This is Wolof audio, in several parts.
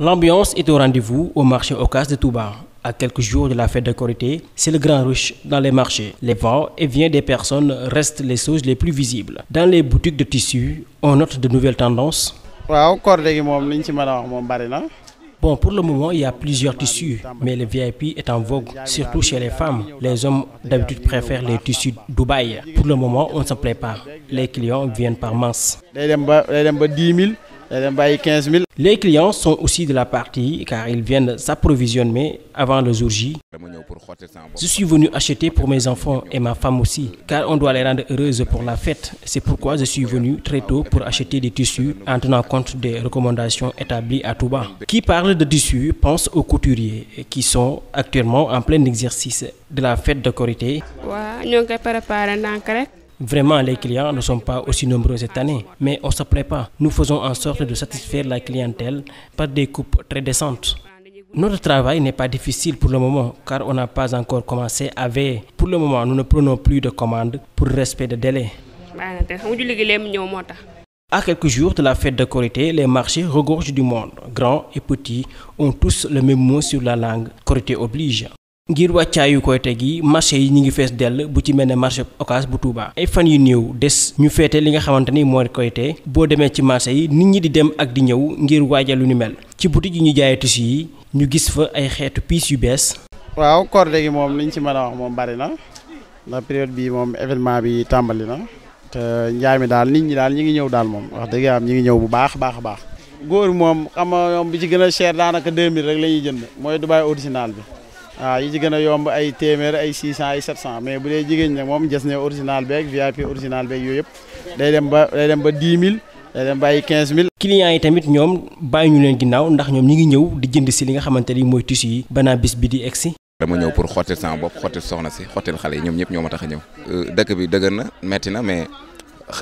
L'ambiance est au rendez-vous au marché Ocass de Touba. À quelques jours de la fête de Korité, c'est le grand rush dans les marchés. Les vents et viens des personnes restent les choses les plus visibles. Dans les boutiques de tissus, on note de nouvelles tendances. Bon, pour le moment, il y a plusieurs tissus, mais le VIP est en vogue, surtout chez les femmes. Les hommes d'habitude préfèrent les tissus Dubaï. Pour le moment, on s'en plaît Les clients Les clients sont aussi de la partie car ils viennent s'approvisionner avant le jour J. Je suis venu acheter pour mes enfants et ma femme aussi car on doit les rendre heureuses pour la fête. C'est pourquoi je suis venu très tôt pour acheter des tissus en tenant compte des recommandations établies à Touba. Qui parle de tissus pense aux couturiers qui sont actuellement en plein exercice de la fête de Korité. Vraiment, les clients ne sont pas aussi nombreux cette année, mais on se prépare. Nous faisons en sorte de satisfaire la clientèle par des coupes très décentes. Notre travail n'est pas difficile pour le moment car on n'a pas encore commencé à Pour le moment, nous ne prenons plus de commandes pour respect de délai. À quelques jours de la fête de Corité, les marchés regorgent du monde. Grands et petits ont tous le même mot sur la langue. Corité oblige. ngir wàccaayu koyte gi marché yi ñu ngi fees dell bu ci mel ne marché Ocass bu Touba ay fan yu néew des ñu feete li nga xamante ni mooy koyte boo demee ci marché yi nit ñi di dem ak di ñëw ngir waajal lu ni mel ci boutique yi ñu jaayee tissu yi ñu gis fa ay xeetu piis yu bees. waaw koorte gi moom liñ ci mën a wax moom bari na ndax période bii moom événement bi tàmbali na te njaay mi daal nit ñi daal ñi ngi ñëw daal moom wax dëgg am ñi ngi ñëw bu baax baax baa góor moom xam nga bi ci gën a cher daanaka 2000 la ñuy jënd mooy Dubai original bi. waaw yi ci gën a yomb ay téeméer ay 600 ay 700 mais bu dee jigéen ñi moom gis ne original beeg VIP original beeg yooyu yëpp day dem ba day dem ba 10 000 day dem ba ay 15 000. clients yi tamit ñoom bàyyi ñu leen ginnaaw ndax ñoom ñi ngi ñëw di jënd si li nga xamante mooy tissu yi banaa bis bi di egg si. dama ñëw pour xottil sama bopp xottil soxna si xottil xale yi ñoom ñëpp ñoo ma tax a ñëw. Euh, dëkk bi dëgër na metti na mais.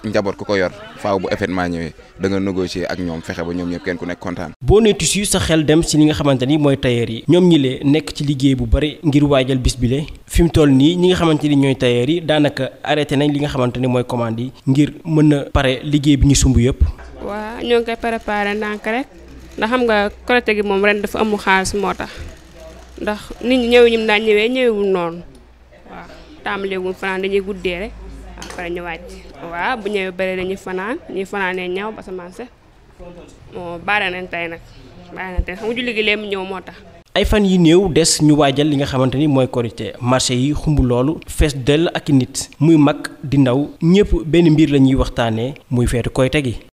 njaboot ku ko yor faaw bu événement ñëwee da nga négocier ak ñoom fexe ba ñoom ñëpp kenn ku nekk kontaan. boo nee tissu sa xel dem si li nga xamante ni mooy tailleur yi. ñoom ñi lee nekk ci liggéey bu bari ngir waajal bis bi le fi mu toll nii ñi nga xamante ni ñooy tailleur yi daanaka arrêté nañ li nga xamante ni mooy commande yi ngir mën a pare liggéey bi ñu sumb yëpp. waa ñoo ngi koy préparé ndànk rek ndax xam nga Korité gi moom ren dafa amul xaalis moo tax ndax nit ñi ñëw ñim daan ñëwee ñëwewul noonu waaw tàmbale wu fanaan dañuy guddee rek après ñu wàcc waaw bu ñëwee bëri na fanaan ñu fanaanee ñaw ba semence moo baare nañ tey nag baare nañ tey xam nga julli gi léem ñëw moo tax. ay fan yi néew des ñu waajal li nga xamante ni mooy korité marché yi xumb loolu fees dell ak i nit muy mag di ndaw ñëpp benn mbir la ñuy waxtaanee muy feetu koy tegi